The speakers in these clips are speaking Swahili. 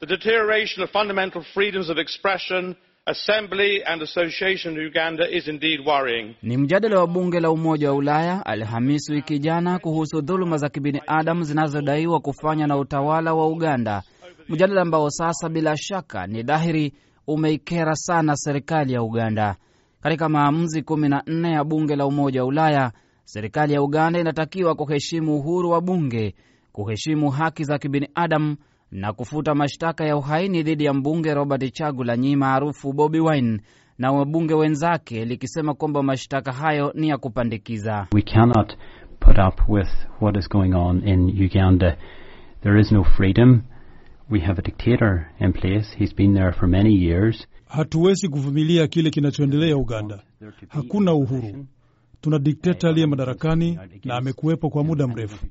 the deterioration of fundamental freedoms of expression assembly and association in Uganda is indeed worrying. Ni mjadala wa bunge la Umoja wa Ulaya Alhamisi wiki jana kuhusu dhuluma za kibinadamu zinazodaiwa kufanya na utawala wa Uganda, mjadala ambao sasa bila shaka ni dhahiri umeikera sana serikali ya Uganda. Katika maamuzi 14 ya bunge la Umoja wa Ulaya, serikali ya Uganda inatakiwa kuheshimu uhuru wa bunge, kuheshimu haki za kibinadamu na kufuta mashtaka ya uhaini dhidi ya mbunge Robert Chagulanyi maarufu Bobi Wine na wabunge wenzake likisema kwamba mashtaka hayo ni ya kupandikiza. We cannot put up with what is going on in Uganda. There is no freedom. We have a dictator in place. He's been there for many years. Hatuwezi kuvumilia kile kinachoendelea Uganda. Hakuna uhuru. Tuna dikteta aliye madarakani na amekuwepo kwa muda mrefu.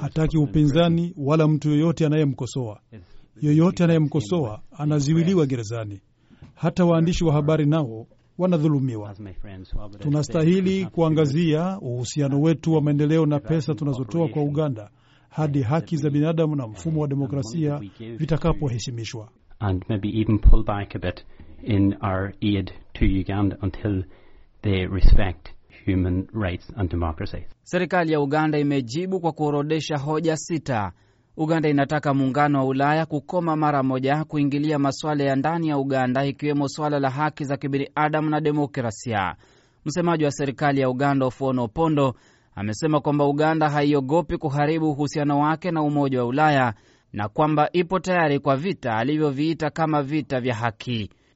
Hataki upinzani wala mtu yoyote anayemkosoa. Yoyote anayemkosoa anaziwiliwa gerezani. Hata waandishi wa habari nao wanadhulumiwa. Tunastahili kuangazia uhusiano wetu wa maendeleo na pesa tunazotoa kwa Uganda hadi haki za binadamu na mfumo wa demokrasia vitakapoheshimishwa. they respect human rights and democracy. Serikali ya Uganda imejibu kwa kuorodesha hoja sita. Uganda inataka muungano wa Ulaya kukoma mara moja kuingilia masuala ya ndani ya Uganda, ikiwemo suala la haki za kibinadamu na demokrasia. Msemaji wa serikali ya Uganda Ofuono Opondo amesema kwamba Uganda haiogopi kuharibu uhusiano wake na Umoja wa Ulaya na kwamba ipo tayari kwa vita alivyoviita kama vita vya haki.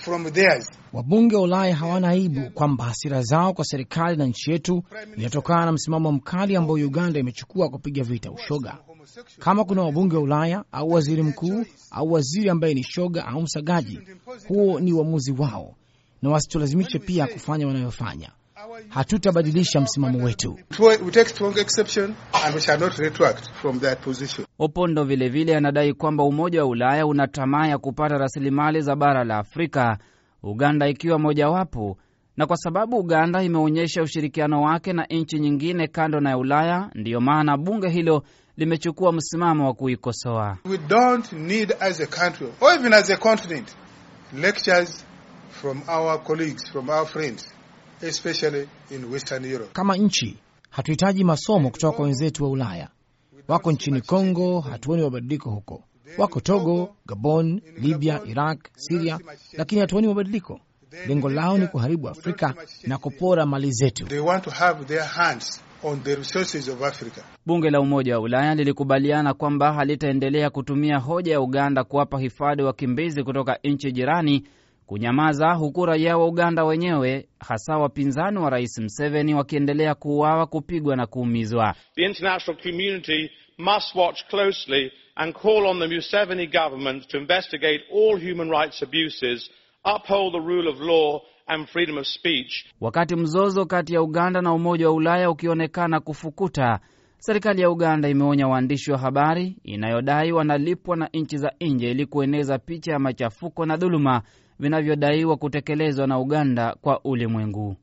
from theirs. Wabunge wa Ulaya hawana aibu kwamba hasira zao kwa serikali na nchi yetu inatokana na msimamo mkali ambao Uganda imechukua kupiga vita ushoga. Kama kuna wabunge wa Ulaya au waziri mkuu au waziri ambaye ni shoga au msagaji, huo ni uamuzi wao, na wasitulazimishe pia kufanya wanayofanya hatutabadilisha msimamo wetu. Opondo vilevile anadai kwamba Umoja wa Ulaya una tamaa ya kupata rasilimali za bara la Afrika, Uganda ikiwa mojawapo, na kwa sababu Uganda imeonyesha ushirikiano wake na nchi nyingine kando na Ulaya, ndiyo maana bunge hilo limechukua msimamo wa kuikosoa. from our colleagues, from our friends especially in Western Europe. Kama nchi hatuhitaji masomo kutoka kwa wenzetu wa Ulaya. Wako nchini Kongo, hatuoni mabadiliko huko. Wako Togo, Gabon, Libya, Iraq, Siria, lakini hatuoni mabadiliko. Lengo lao ni kuharibu Afrika na kupora mali zetu. Bunge la Umoja wa Ulaya lilikubaliana kwamba halitaendelea kutumia hoja ya Uganda kuwapa hifadhi wakimbizi kutoka nchi jirani kunyamaza, huku raia wa Uganda wenyewe hasa wapinzani wa Rais mseveni wakiendelea kuuawa, kupigwa na kuumizwa. The international community must watch closely and call on the Museveni government to investigate all human rights abuses, uphold the rule of law and freedom of speech. Wakati mzozo kati ya Uganda na Umoja wa Ulaya ukionekana kufukuta, serikali ya Uganda imeonya waandishi wa habari inayodai wanalipwa na nchi za nje ili kueneza picha ya machafuko na dhuluma vinavyodaiwa kutekelezwa na Uganda kwa ulimwengu.